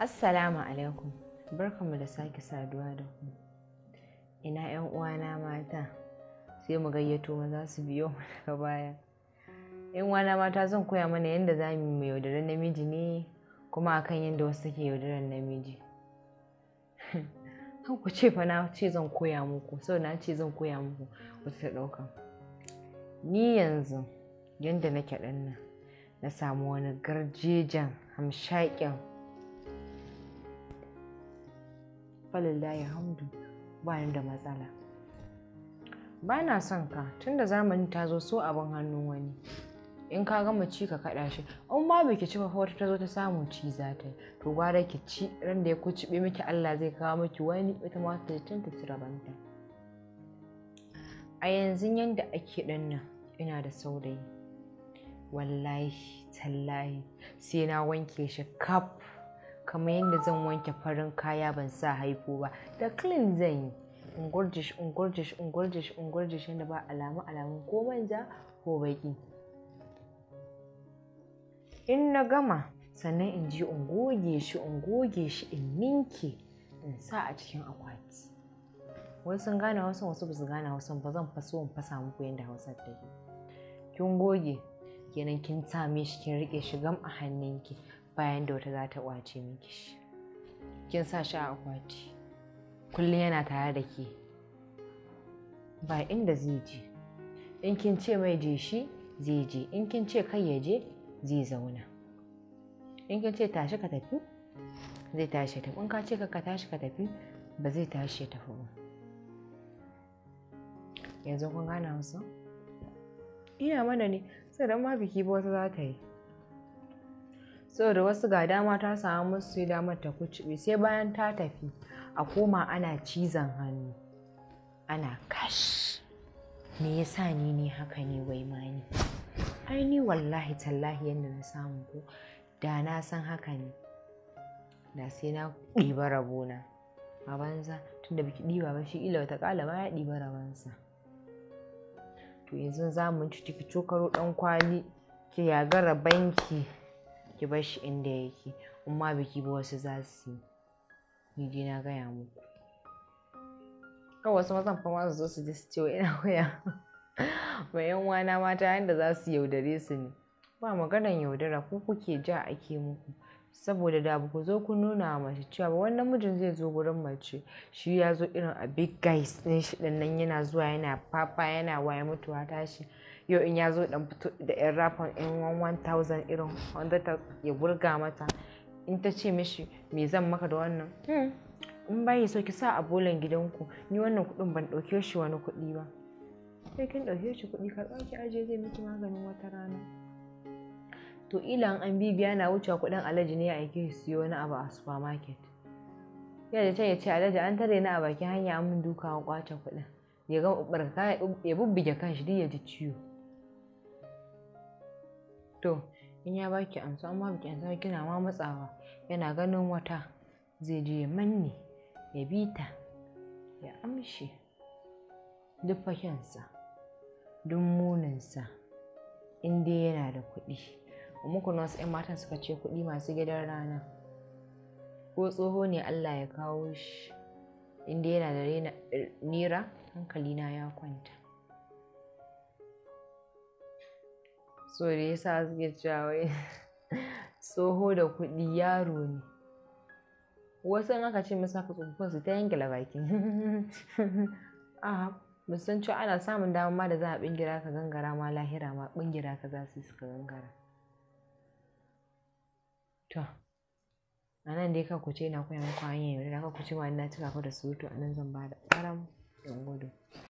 Assalamu alaikum, barkanmu da sake saduwa da ku. Ina ‘yan uwana mata, sai mu gayyato maza su biyo daga baya. ‘Yan uwana mata zan koya mana yadda za mu yi yaudarar namiji ne kuma akan yadda wasu suke yaudarar namiji. Kan ku ce fa na ce zan koya muku, sau na ce zan koya muku wata ta ɗauka. Ni yanzu yadda na ɗan nan, na samu wani garjejen hamshaƙin falillahi hamdu ba ni da matsala ba na son ka tunda zamani ta zo so abin hannun wani in ka gama ci ka kaɗa shi in ma baki ci ba wata ta zo ta samu ci za ta yi to gwara ki ci ran da ya ku cibe miki Allah zai kawo miki wani ita ma ta ta ci rabanta a yanzu yanda ake ɗan nan ina da saurayi wallahi tallahi sai na wanke shi kaf kamar yadda zan wanke farin kaya ban sa haifo ba da clean zan yi in gurjish in gurjish yadda ba alamu alamun ko manja ko baki in na gama sannan in ji in goge shi in goge shi in ninke in sa a cikin akwati wai sun gane wasu wasu ba su gane wasu ba zan faso in fasa muku yadda hausa take kin goge kenan kin same shi kin rike shi gam a hannunki bayan da wata za ta ƙwace miki shi kin sa shi a akwati kullum yana tare da ke ba inda zai je in kin ce mai je shi zai je in kin ce kai ya je zai zauna in kin ce tashi ka tafi zai tashi tafi in ka ce ka tashi ka tafi ba zai tashi tafi ba yanzu kun gana musu ina mana ne sai ma biki ba wata za ta yi saboda wasu ga dama ta samu musu sai damar ta kucube sai bayan ta tafi a koma ana cizon hannu ana kash me yasa ni ne haka ne wai ma mani ai ni wallahi tallahi yadda na samu ko da na san haka ne da sai na ɗiba rabona a banza tunda biki ɗiba ba shi ila wata ƙala ma ya ɗiba rabonsa to yanzu za mu ci ciki cokaro ɗan kwali ki yagara banki ki bar shi inda yake in ma biki ba wasu za su yi ni na gaya muku kawai wasu mazan fama su zo su ji su ce ina waya mai yan wana mata yadda za su yaudare su ne ba maganar yaudara ko kuke ja ake muku saboda da ku zo ku nuna wa mace cewa ba wannan mijin zai zo gurin mace shi ya zo irin a big guys din shi din nan yana zuwa yana papa yana waya mutuwa tashi yau in ya zo dan fito da yan rafan in 1000 irin 100 ya burga mata in ta ce mishi me zan maka da wannan hmm, in bayi so ki sa a bolan gidanku ni wannan kuɗin ban ɗauke shi wani kuɗi ba sai kin ɗauke shi kuɗi ka ki aje zai miki maganin wata rana to ilan an bibiya na wuce kuɗin alaji ne ya aike siyo wani abu a supermarket ya da can ya ce alaji an tare ni a bakin hanya an mun duka an kwace kudin ya ga barka ya bubbuge kan shi ya ji ciwo to in ya baki amsa amma baki amsa kina ma matsawa yana ganin wata zai je manne ya bita, ya amshi duk fakensa duk muninsa in dai yana da kuɗi umukun wasu 'yan matan suka ce kuɗi masu gidan rana ko tsoho ne allah ya kawo shi inda yana da er, nera hankalina ya kwanta so da sa suke cewa tsoho da kuɗi yaro ne wasu 'yan aka ce musu haka tsofaffin su ta yanke labakin. musan ana samun dama da za a bingira ka gangara ma lahira ma bingira ka za su yi suka gangara To, a nan dai kan ku ce ina koya muku hanyar da kar ku ce ma ina cika ku da surutu, a nan zan ba da ƙaram gudu.